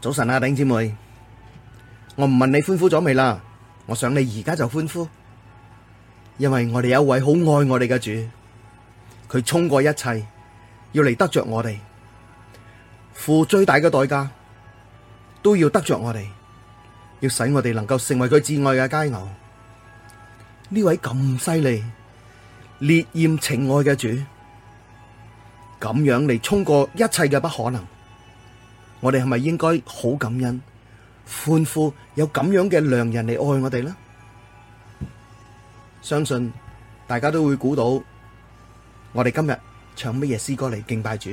早晨啊，頂姐妹，我唔問你歡呼咗未啦，我想你而家就歡呼，因為我哋有一位好愛我哋嘅主，佢沖過一切，要嚟得着我哋，付最大嘅代價，都要得着我哋，要使我哋能夠成為佢至愛嘅佳偶。呢位咁犀利、烈焰情愛嘅主，咁樣嚟沖過一切嘅不可能。我哋係咪應該好感恩、歡呼有咁樣嘅良人嚟愛我哋呢？相信大家都會估到，我哋今日唱乜嘢詩歌嚟敬拜主？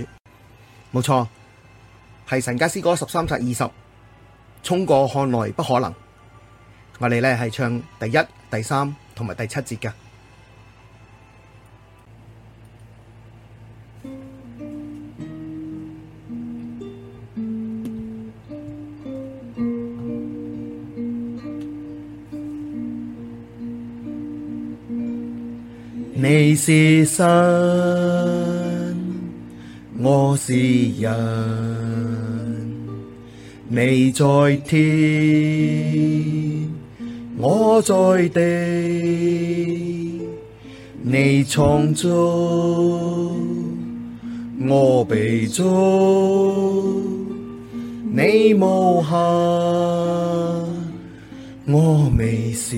冇錯，係神家詩歌十三冊二十，衝過看來不可能。我哋咧係唱第一、第三同埋第七節嘅。你是神，我是人。你在天，我在地。你創造，我被造。你無限，我微小。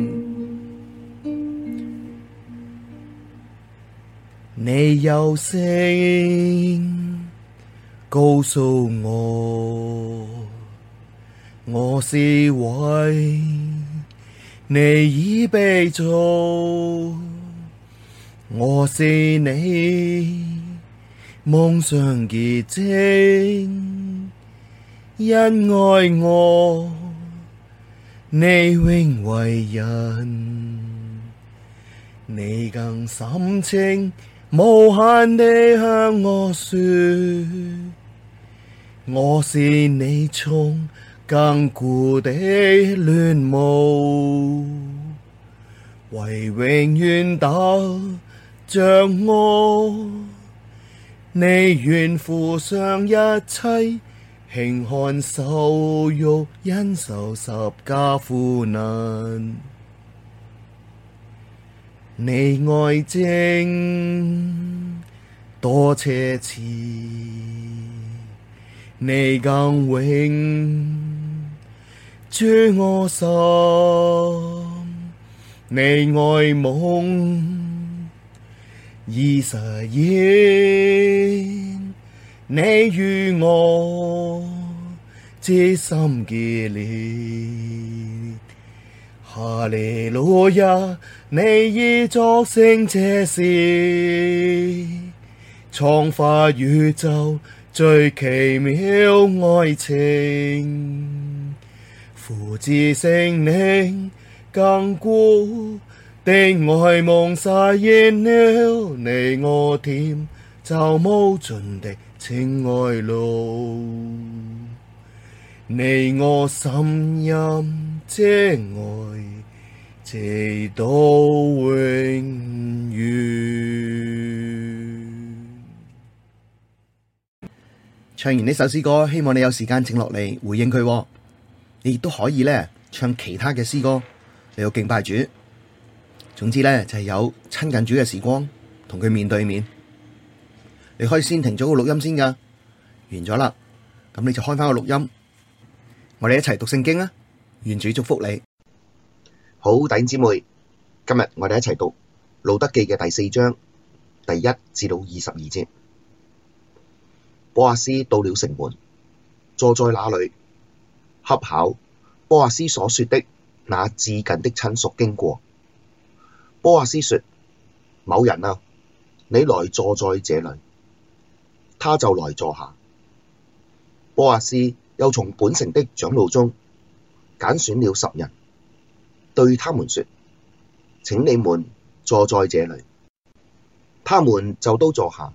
你有聲告訴我，我是為你而被造。我是你夢想結晶，因愛我，你永為人，你更深情，無限地向我說，我是你從更固的亂霧，為永遠斗着我，你願負上一切，輕看受辱，因受十家苦難。你愛證，多奢侈，你更永住我心。你愛夢已實現，你與我至深結哈利路亞！你已作成這事，創化宇宙最奇妙愛情，父子聖靈，亙古的愛夢實現了，你我甜走無盡的情愛路。你我深飲，這愛，直到永遠。唱完呢首詩歌，希望你有時間靜落嚟回應佢。你亦都可以咧唱其他嘅詩歌，嚟到敬拜主。總之咧就係、是、有親近主嘅時光，同佢面對面。你可以先停咗個錄音先噶，完咗啦，咁你就開翻個錄音。我哋一齊讀聖經啊！願主祝福你。好，弟兄姊妹，今日我哋一齊讀路得記嘅第四章第一至到二十二節。波阿斯到了城門，坐在那裏，恰巧波阿斯所說的那至近的親屬經過。波阿斯說：某人啊，你來坐在這裏，他就來坐下。波阿斯。又從本城的長老中揀選了十人，對他們說：請你們坐在這裡。他們就都坐下。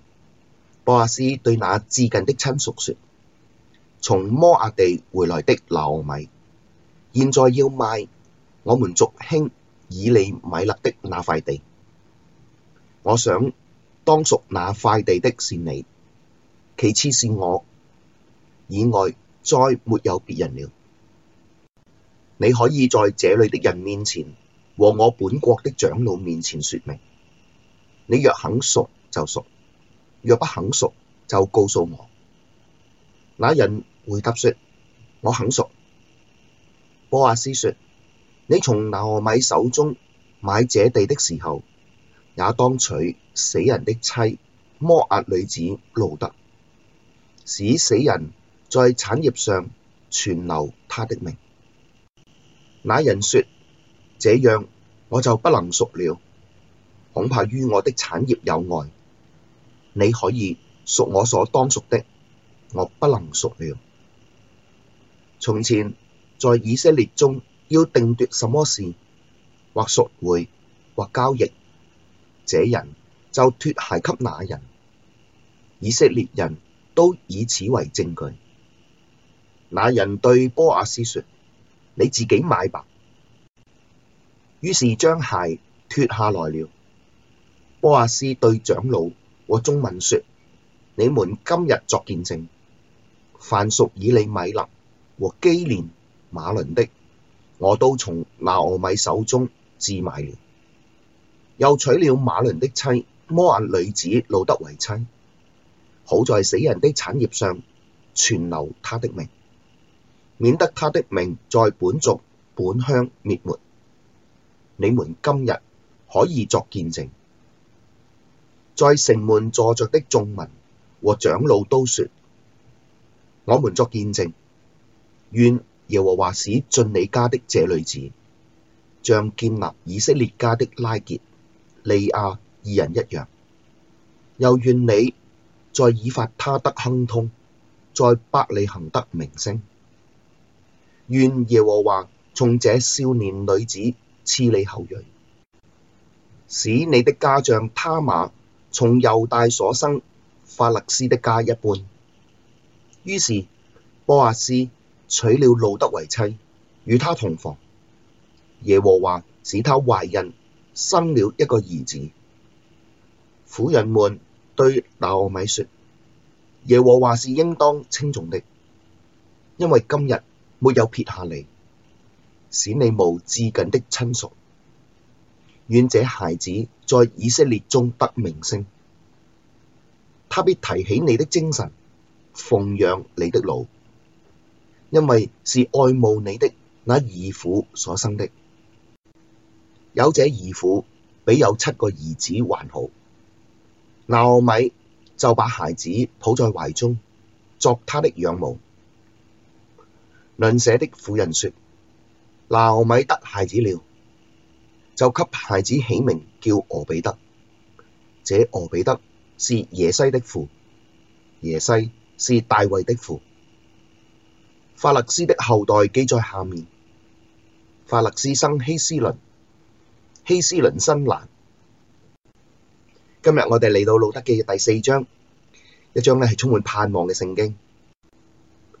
波阿斯對那至近的親屬說：從摩押地回來的拿俄米，現在要賣我們族兄以利米勒的那塊地。我想當贖那塊地的是你，其次是我，以外。再沒有別人了。你可以在這裡的人面前和我本國的長老面前説明。你若肯贖就贖，若不肯贖就告訴我。那人回答說：我肯贖。波阿斯說：你從拿俄米手中買這地的時候，也當娶死人的妻摩押女子路得，使死人。在產業上存留他的名。那人說：這樣我就不能贖了，恐怕於我的產業有礙。你可以贖我所當贖的，我不能贖了。從前，在以色列中要定奪什麼事，或贖回，或交易，這人就脫鞋給那人。以色列人都以此為證據。那人對波阿斯說：你自己買吧。於是將鞋脫下來了。波阿斯對長老和眾民說：你們今日作見證，凡屬以利米勒和基連馬倫的，我都從拿俄米手中置買了，又娶了馬倫的妻摩亞女子路得為妻。好在死人的產業上存留他的名。免得他的名在本族本鄉滅沒。你們今日可以作見證，在城門坐着的眾民和長老都說：我們作見證，願耶和華使進你家的這女子，像建立以色列家的拉結利亞二人一樣，又願你在以法他得亨通，在伯利恆得名聲。願耶和華從這少年女子賜你後裔，使你的家像他瑪從猶大所生法勒斯的家一般。於是波阿斯娶了路得為妻，與他同房。耶和華使他懷孕，生了一個兒子。婦人們對拿俄米說：耶和華是應當稱頌的，因為今日，沒有撇下你，使你無至近的親屬。願這孩子在以色列中得名聲，他必提起你的精神，奉養你的老，因為是愛慕你的那兒婦所生的。有這兒婦比有七個兒子還好。拿俄米就把孩子抱在懷中，作他的養母。鄰舍的婦人說：拿俄米得孩子了！就給孩子起名叫俄備得。這俄備得是耶西的父，耶西是大衛的父。法勒斯的後代記在下面：法勒斯生希斯崙，希斯崙生蘭。今日我哋嚟到路得記第四章，一章呢係充滿盼望嘅聖經。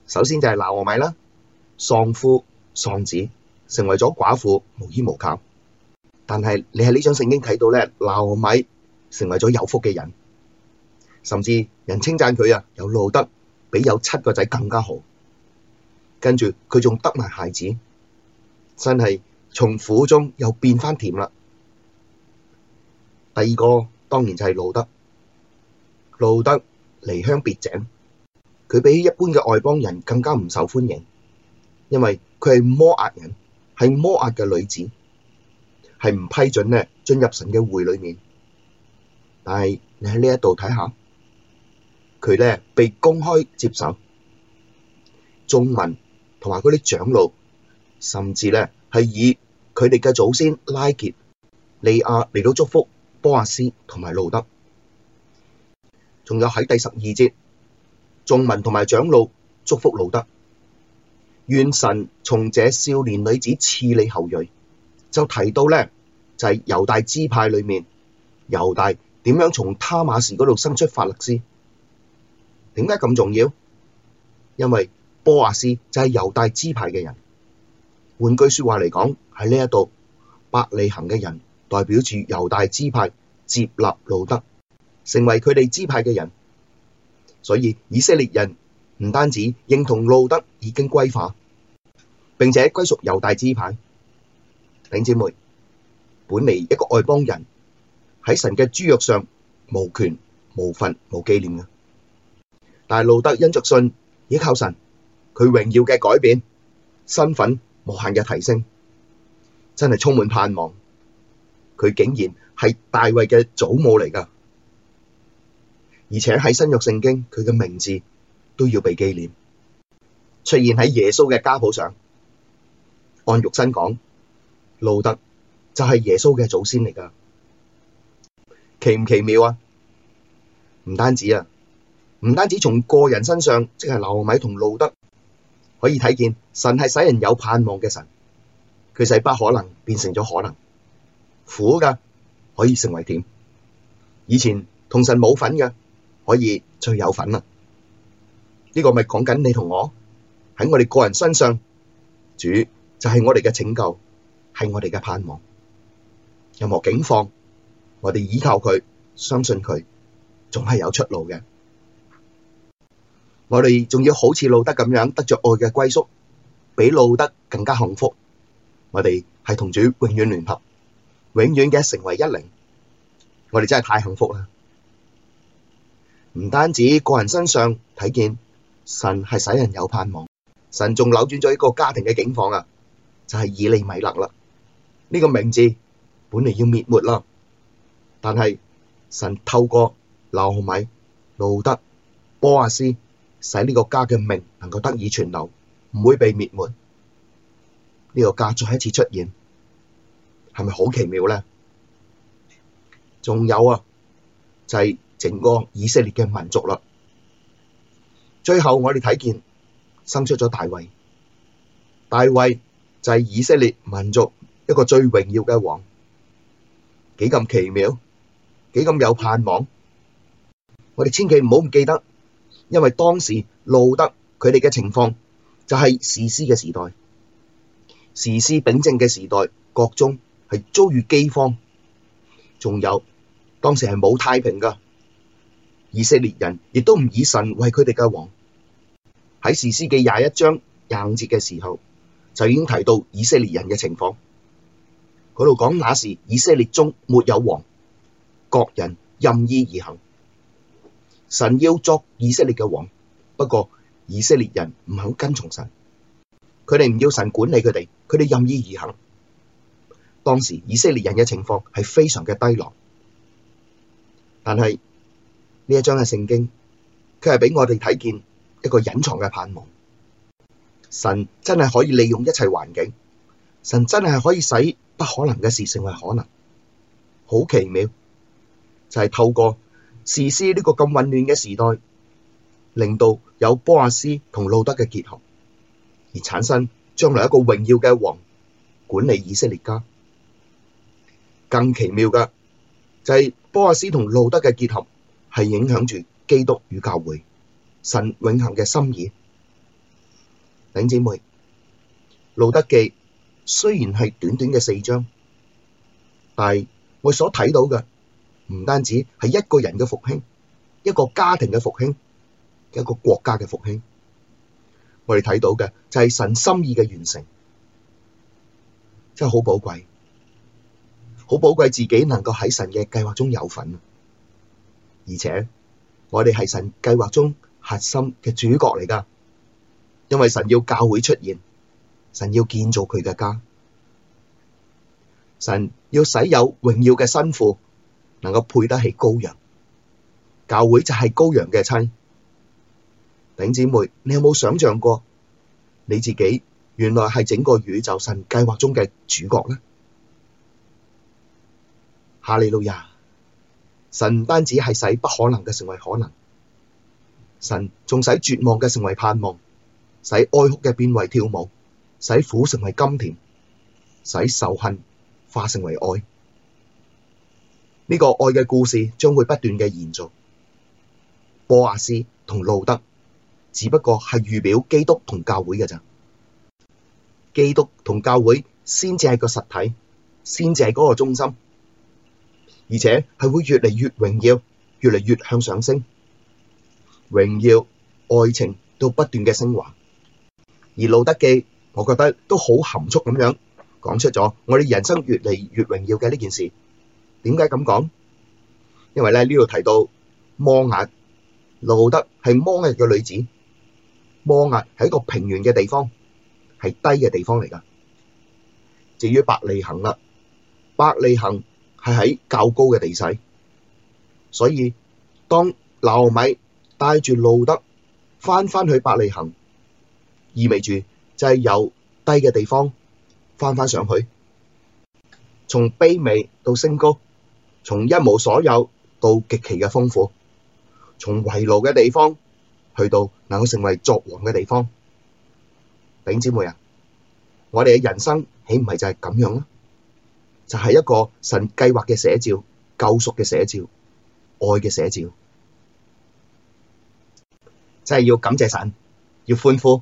首先就係拿俄米啦。喪夫喪子，成為咗寡婦，無依無靠。但係你喺呢張聖經睇到咧，拿俄米成為咗有福嘅人，甚至人稱讚佢啊，有路得比有七個仔更加好。跟住佢仲得埋孩子，真係從苦中又變返甜啦。第二個當然就係路得，路得離鄉別井，佢比一般嘅外邦人更加唔受歡迎。因為佢係摩押人，係摩押嘅女子，係唔批准咧進入神嘅會裏面。但係你喺呢一度睇下佢呢，被公開接受眾民同埋嗰啲長老，甚至呢係以佢哋嘅祖先拉結、利亞嚟到祝福波阿斯同埋路得，仲有喺第十二節眾民同埋長老祝福路得。願神從這少年女子賜你後裔。就提到咧，就係、是、猶大支派裏面，猶大點樣從他馬士嗰度生出法勒斯？點解咁重要？因為波阿斯就係猶大支派嘅人。換句話說話嚟講，喺呢一度伯利恆嘅人，代表住猶大支派接納路德，成為佢哋支派嘅人。所以以色列人唔單止認同路德已經歸化。並且歸屬猶大支派，頂姐妹本嚟一個外邦人喺神嘅諸約上無權無份無紀念嘅，但係路德因着信，倚靠神，佢榮耀嘅改變身份無限嘅提升，真係充滿盼望。佢竟然係大衛嘅祖母嚟㗎，而且喺新約聖經佢嘅名字都要被紀念，出現喺耶穌嘅家譜上。按肉身講，路得就係耶穌嘅祖先嚟噶，奇唔奇妙啊？唔單止啊，唔單止從個人身上，即係流米同路得可以睇見神係使人有盼望嘅神。佢使不可能變成咗可能，苦噶可以成為甜，以前同神冇份嘅可以最有份啦。呢、這個咪講緊你同我喺我哋個人身上，主。就係我哋嘅拯救，係我哋嘅盼望。任何境況，我哋倚靠佢，相信佢，總係有出路嘅。我哋仲要好似路得咁樣得着愛嘅歸宿，比路得更加幸福。我哋係同主永遠聯合，永遠嘅成為一靈。我哋真係太幸福啦！唔單止個人身上睇見神係使人有盼望，神仲扭轉咗一個家庭嘅境況啊！就係以利米勒啦，呢、這個名字本嚟，要滅沒啦，但係神透過拿俄米、路得、波阿斯，使呢個家嘅名能夠得以存留，唔會被滅沒。呢、這個家再一次出現，係咪好奇妙咧？仲有啊，就係、是，整個以色列嘅民族啦。最後我哋睇見生出咗大衛，大衛。就係以色列民族一個最榮耀嘅王，幾咁奇妙，幾咁有盼望。我哋千祈唔好唔記得，因為當時路得佢哋嘅情況就係、是、士師嘅時代，士師秉政嘅時代，國中係遭遇饑荒，仲有當時係冇太平噶。以色列人亦都唔以神為佢哋嘅王。喺士師嘅廿一章廿五節嘅時候。就已經提到以色列人嘅情況，嗰度講，那時以色列中沒有王，各人任意而行。神要作以色列嘅王，不過以色列人唔肯跟從神，佢哋唔要神管理佢哋，佢哋任意而行。當時以色列人嘅情況係非常嘅低落，但係呢一章嘅聖經，佢係俾我哋睇見一個隱藏嘅盼望。神真係可以利用一切環境，神真係可以使不可能嘅事成為可能，好奇妙就係、是、透過時事呢個咁混亂嘅時代，令到有波阿斯同路得嘅結合而產生將來一個榮耀嘅王管理以色列家。更奇妙嘅就係、是、波阿斯同路得嘅結合係影響住基督與教會，神永恆嘅心意。兄姐妹，路德記雖然係短短嘅四章，但係我所睇到嘅唔單止係一個人嘅復興，一個家庭嘅復興，一個國家嘅復興，我哋睇到嘅就係神心意嘅完成，真係好寶貴，好寶貴自己能夠喺神嘅計劃中有份，而且我哋係神計劃中核心嘅主角嚟㗎。因為神要教會出現，神要建造佢嘅家，神要使有榮耀嘅身份能夠配得起羔羊。教會就係羔羊嘅親，頂姊妹，你有冇想象過你自己原來係整個宇宙神計劃中嘅主角呢？哈利路亞！神唔單止係使不可能嘅成為可能，神仲使絕望嘅成為盼望。使哀哭嘅變為跳舞，使苦成為甘甜，使仇恨化成為愛。呢個愛嘅故事將會不斷嘅延續。波阿斯同路得只不過係預表基督同教會嘅啫，基督同教會先至係個實體，先至係嗰個中心，而且係會越嚟越榮耀，越嚟越向上升，榮耀愛情都不斷嘅升華。而路得記，我覺得都好含蓄咁樣講出咗我哋人生越嚟越榮耀嘅呢件事。點解咁講？因為咧呢度提到摩押，路得係摩押嘅女子，摩押係一個平原嘅地方，係低嘅地方嚟噶。至於伯利恆啦，伯利恆係喺較高嘅地勢，所以當拿俄米帶住路得翻返去伯利恆。意味住就係由低嘅地方翻返上去，從卑微到升高，從一無所有到極其嘅豐富，從圍爐嘅地方去到能夠成為作王嘅地方。頂姊妹啊，我哋嘅人生豈唔係就係咁樣咯？就係一個神計劃嘅寫照，救贖嘅寫照，愛嘅寫照。真係要感謝神，要歡呼。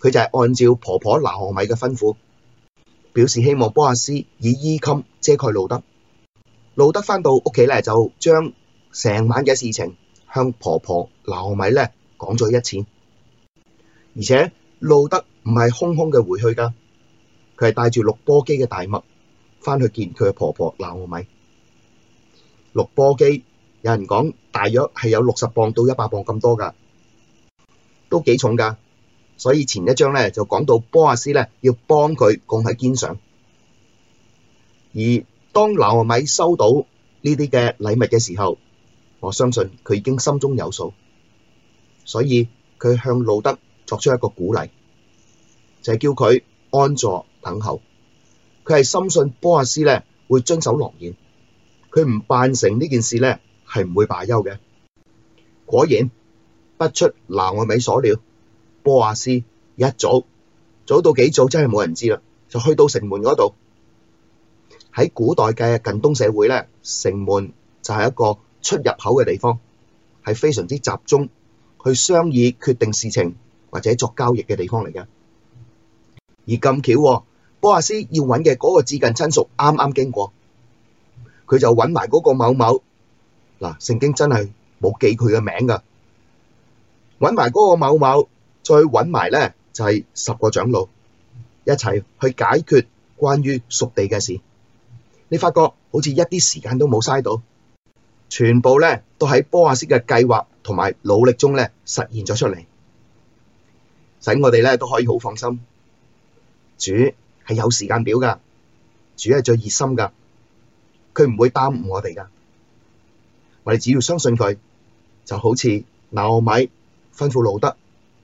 佢就係按照婆婆拿俄米嘅吩咐，表示希望波阿斯以衣襟遮蓋路德。路德返到屋企咧，就將成晚嘅事情向婆婆拿俄米咧講咗一次，而且路德唔係空空嘅回去噶，佢係帶住六簸箕嘅大麥返去見佢嘅婆婆拿俄米。六簸箕有人講，大約係有六十磅到一百磅咁多噶，都幾重噶。所以前一章咧就講到波阿斯咧要幫佢扛喺肩上，而當拿俄米收到呢啲嘅禮物嘅時候，我相信佢已經心中有數，所以佢向路得作出一個鼓勵，就係叫佢安坐等候。佢係深信波阿斯咧會遵守諾言，佢唔辦成呢件事咧係唔會罷休嘅。果然不出拿俄米所料。波阿斯一早早到幾早，真係冇人知啦。就去到城門嗰度，喺古代嘅近東社會咧，城門就係一個出入口嘅地方，係非常之集中去商議、決定事情或者作交易嘅地方嚟嘅。而咁巧，波阿斯要揾嘅嗰個至近親屬啱啱經過，佢就揾埋嗰個某某嗱，聖經真係冇記佢嘅名㗎，揾埋嗰個某某。再揾埋咧，就係十個長老一齊去解決關於屬地嘅事。你發覺好似一啲時間都冇嘥到，全部呢都喺波阿斯嘅計劃同埋努力中咧實現咗出嚟，使我哋呢都可以好放心主是。主係有時間表㗎，主係最熱心㗎，佢唔會耽誤我哋㗎。我哋只要相信佢，就好似拿俄米吩咐路得。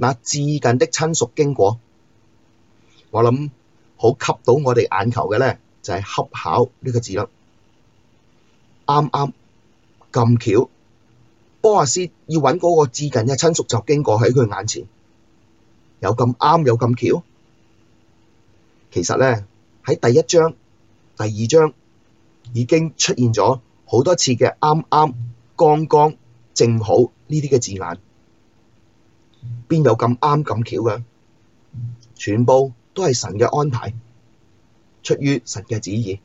那至近的親屬經過，我諗好吸到我哋眼球嘅咧，就係恰巧呢個字啦。啱啱咁巧，波阿斯要搵嗰個至近嘅親屬就經過喺佢眼前，有咁啱有咁巧。其實咧喺第一章、第二章已經出現咗好多次嘅啱啱、剛剛、正好呢啲嘅字眼。邊有咁啱咁巧嘅？全部都係神嘅安排，出於神嘅旨意，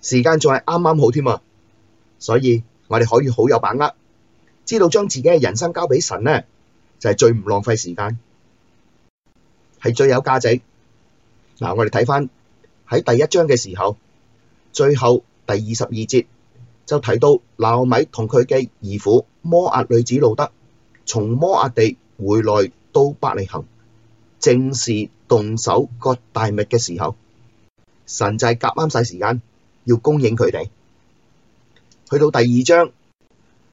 時間仲係啱啱好添啊！所以我哋可以好有把握，知道將自己嘅人生交俾神呢，就係最唔浪費時間，係最有價值。嗱，我哋睇翻喺第一章嘅時候，最後第二十二節就提到拿俄米同佢嘅兒婦摩押女子路得。從摩押地回來到伯利恆，正是動手割大麥嘅時候。神就係夾啱晒時間，要供應佢哋。去到第二章，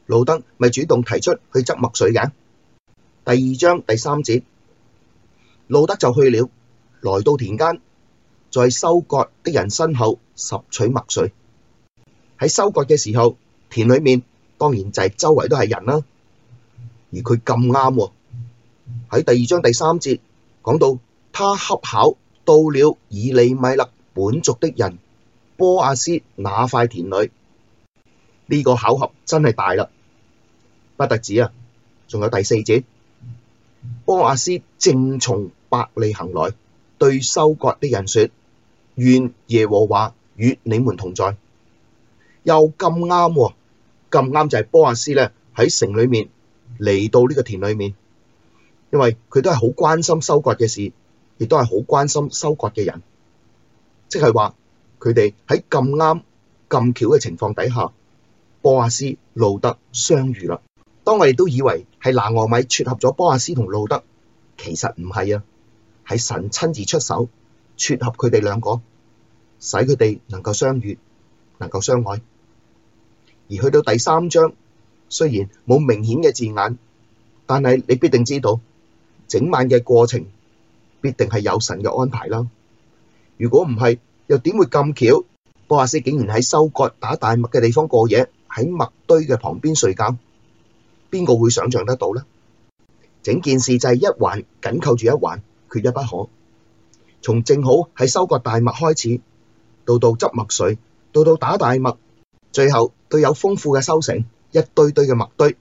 路德咪主動提出去執麥穗嘅。第二章第三節，路德就去了，來到田間，在收割的人身後拾取麥穗。喺收割嘅時候，田裏面當然就係周圍都係人啦。而佢咁啱喎，喺第二章第三節講到，他恰巧到了以利米勒本族的人波阿斯那塊田裏，呢個巧合真係大啦！不特止啊，仲有第四節，波阿斯正從百里行來，對收割的人說：願耶和華與你們同在。又咁啱，咁啱就係波阿斯呢喺城裏面。嚟到呢個田裏面，因為佢都係好關心收割嘅事，亦都係好關心收割嘅人，即係話佢哋喺咁啱咁巧嘅情況底下，波阿斯路得相遇啦。當我哋都以為係拿俄米撮合咗波阿斯同路得，其實唔係啊，係神親自出手撮合佢哋兩個，使佢哋能夠相遇，能夠相愛。而去到第三章。雖然冇明顯嘅字眼，但係你必定知道，整晚嘅過程必定係有神嘅安排啦。如果唔係，又點會咁巧？波阿斯竟然喺收割打大麥嘅地方過夜，喺麥堆嘅旁邊睡覺，邊個會想象得到呢？整件事就係一環緊扣住一環，缺一不可。從正好喺收割大麥開始，到到執麥穗，到到打大麥，最後都有豐富嘅收成。一堆堆嘅麥堆，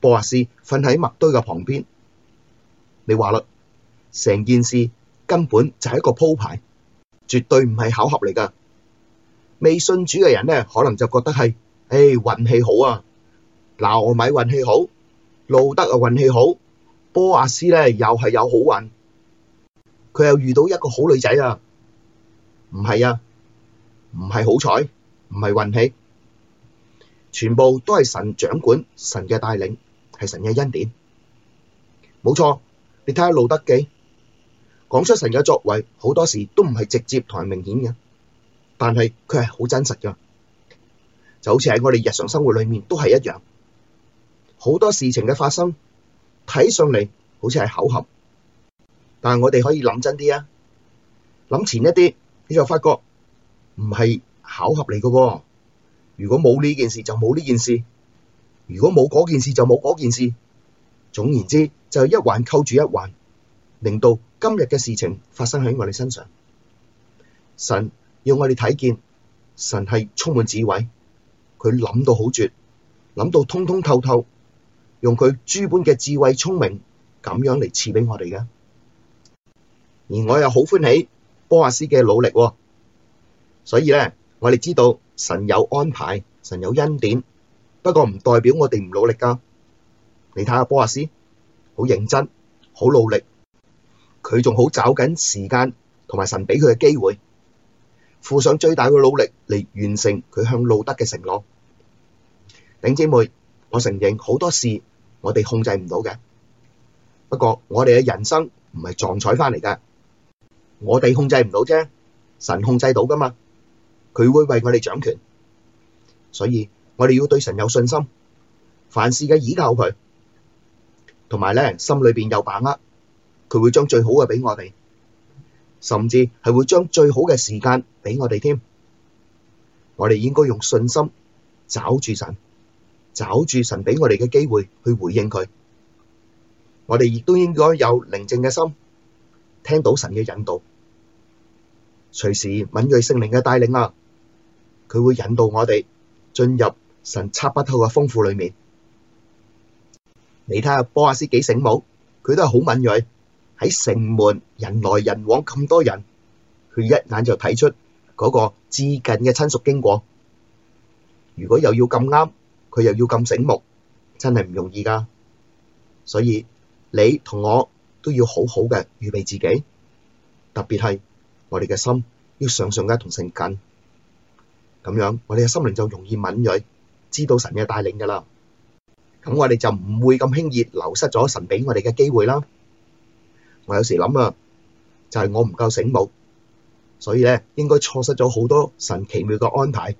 波阿斯瞓喺麥堆嘅旁邊。你話啦，成件事根本就係一個鋪排，絕對唔係巧合嚟噶。未信主嘅人咧，可能就覺得係，唉、欸，運氣好啊。嗱，我咪運氣好，路得啊運氣好，波阿斯咧又係有好運，佢又遇到一個好女仔啊。唔係啊，唔係好彩，唔係運氣。全部都係神掌管，神嘅帶領係神嘅恩典，冇錯。你睇下路得記，講出神嘅作為，好多時都唔係直接同埋明顯嘅，但係佢係好真實噶。就好似喺我哋日常生活裏面都係一樣，好多事情嘅發生，睇上嚟好似係巧合，但係我哋可以諗真啲啊，諗前一啲，你就發覺唔係巧合嚟噶。如果冇呢件事就冇呢件事，如果冇嗰件事就冇嗰件事。總言之，就一環扣住一環，令到今日嘅事情發生喺我哋身上。神要我哋睇見，神係充滿智慧，佢諗到好絕，諗到通通透透，用佢諸般嘅智慧聰明咁樣嚟賜畀我哋嘅。而我又好歡喜波阿斯嘅努力，所以咧。我哋知道神有安排，神有恩典，不過唔代表我哋唔努力㗎。你睇下波阿斯，好認真，好努力，佢仲好找緊時間同埋神畀佢嘅機會，付上最大嘅努力嚟完成佢向路德嘅承諾。頂姐妹，我承認好多事我哋控制唔到嘅，不過我哋嘅人生唔係撞彩返嚟㗎，我哋控制唔到啫，神控制到㗎嘛。佢會為我哋掌權，所以我哋要對神有信心，凡事嘅倚靠佢，同埋咧，心裏邊有把握，佢會將最好嘅畀我哋，甚至係會將最好嘅時間畀我哋添。我哋應該用信心找住神，找住神畀我哋嘅機會去回應佢。我哋亦都應該有寧靜嘅心，聽到神嘅引導，隨時敏銳聖靈嘅帶領啊！佢會引導我哋進入神測不透嘅豐富裏面，你看看。你睇下波阿斯幾醒目，佢都係好敏銳。喺城門人來人往咁多人，佢一眼就睇出嗰個至近嘅親屬經過。如果又要咁啱，佢又要咁醒目，真係唔容易噶。所以你同我都要好好嘅預備自己，特別係我哋嘅心要向上嘅同聖近。咁樣，我哋嘅心靈就容易敏銳，知道神嘅帶領噶啦。咁我哋就唔會咁輕易流失咗神俾我哋嘅機會啦。我有時諗啊，就係我唔夠醒目，所以咧應該錯失咗好多神奇妙嘅安排。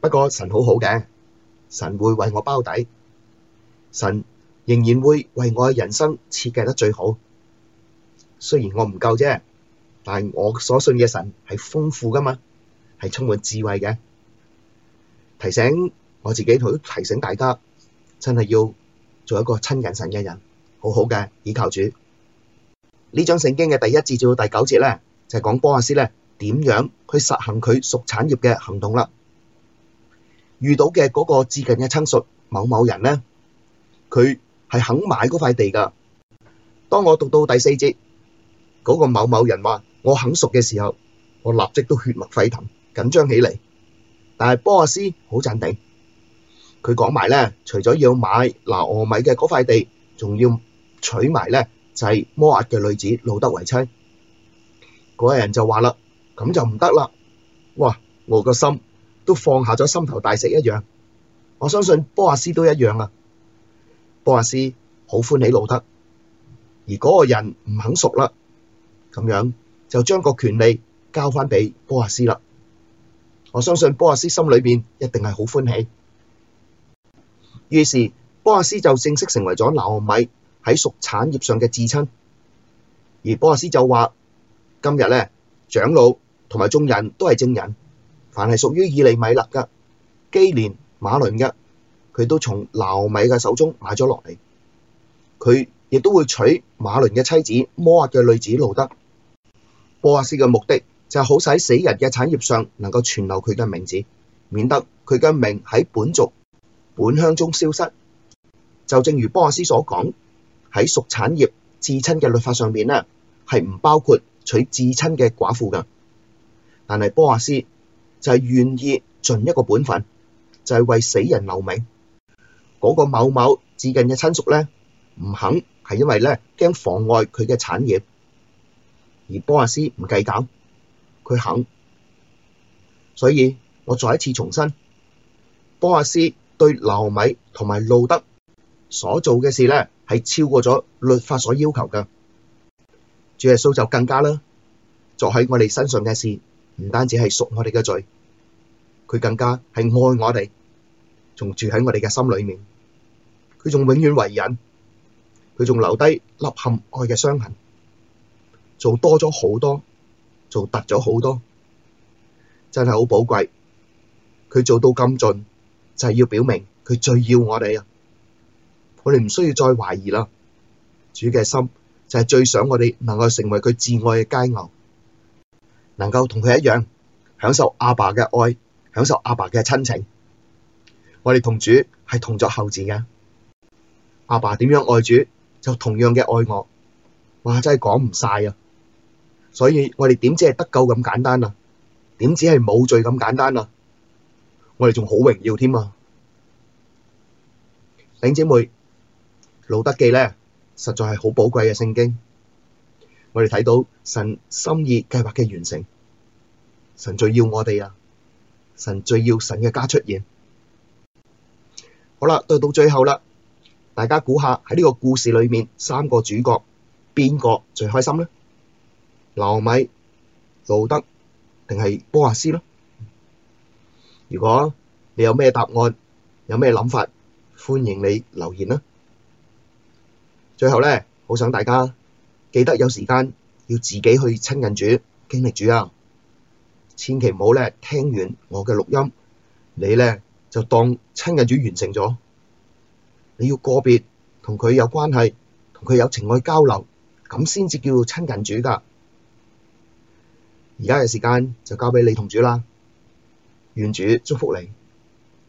不過神好好嘅，神會為我包底，神仍然會為我嘅人生設計得最好。雖然我唔夠啫，但係我所信嘅神係豐富噶嘛。係充滿智慧嘅，提醒我自己同提醒大家，真係要做一個親近神嘅人，好好嘅倚靠主。呢章聖經嘅第一節至到第九節咧，就係、是、講波阿斯咧點樣去實行佢贖產業嘅行動啦。遇到嘅嗰個至近嘅親屬某某人咧，佢係肯買嗰塊地㗎。當我讀到第四節嗰、那個某某人話我肯贖嘅時候，我立即都血脈沸騰，緊張起嚟，但係波阿斯好鎮定。佢講埋咧，除咗要買拿俄米嘅嗰塊地，仲要娶埋咧就係摩押嘅女子路得為妻。嗰個人就話啦，咁就唔得啦！哇，我個心都放下咗心頭大石一樣。我相信波阿斯都一樣啊。波阿斯好歡喜路得，而嗰個人唔肯贖啦，咁樣就將個權利交翻俾波阿斯啦。我相信波阿斯心裏面一定係好歡喜，於是波阿斯就正式成為咗拿俄米喺屬產業上嘅至親，而波阿斯就話：今日呢長老同埋眾人都係證人，凡係屬於以利米勒嘅基連馬倫、馬倫嘅，佢都從拿俄米嘅手中買咗落嚟，佢亦都會娶馬倫嘅妻子摩押嘅女子路得。波阿斯嘅目的。就好使死人嘅產業上能夠傳留佢嘅名字，免得佢嘅名喺本族本鄉中消失。就正如波阿斯所講，喺屬產業至親嘅律法上面呢，呢係唔包括娶至親嘅寡婦㗎。但係波阿斯就係願意盡一個本分，就係、是、為死人留名。嗰、那個某某至近嘅親屬呢，唔肯，係因為呢驚妨礙佢嘅產業，而波阿斯唔計較。佢肯，所以我再一次重申，波阿斯對流米同埋路德所做嘅事咧，係超過咗律法所要求嘅。主耶穌就更加啦，作喺我哋身上嘅事，唔單止係贖我哋嘅罪，佢更加係愛我哋，仲住喺我哋嘅心裏面，佢仲永遠為人，佢仲留低凹陷愛嘅傷痕，仲多咗好多。做突咗好多，真係好寶貴。佢做到咁盡，就係、是、要表明佢最要我哋啊！我哋唔需要再懷疑啦。主嘅心就係最想我哋能夠成為佢至愛嘅佳偶，能夠同佢一樣享受阿爸嘅愛，享受阿爸嘅親情。我哋同主係同作後嗣嘅。阿爸點樣愛主，就同樣嘅愛我。哇，真係講唔晒啊！所以我哋點止係得救咁簡單啊？點止係冇罪咁簡單啊？我哋仲好榮耀添啊！弟兄姊妹，《路得記》咧，實在係好寶貴嘅聖經。我哋睇到神心意計劃嘅完成，神最要我哋啊！神最要神嘅家出現。好啦，到到最後啦，大家估下喺呢個故事裏面三個主角邊個最開心咧？拿俄米、路得定係波阿斯咯？如果你有咩答案，有咩諗法，歡迎你留言啦。最後咧，好想大家記得有時間要自己去親近主、經歷主啊！千祈唔好咧聽完我嘅錄音，你咧就當親近主完成咗。你要個別同佢有關係，同佢有情愛交流，咁先至叫親近主㗎。而家嘅時間就交畀你同主啦，願主祝福你。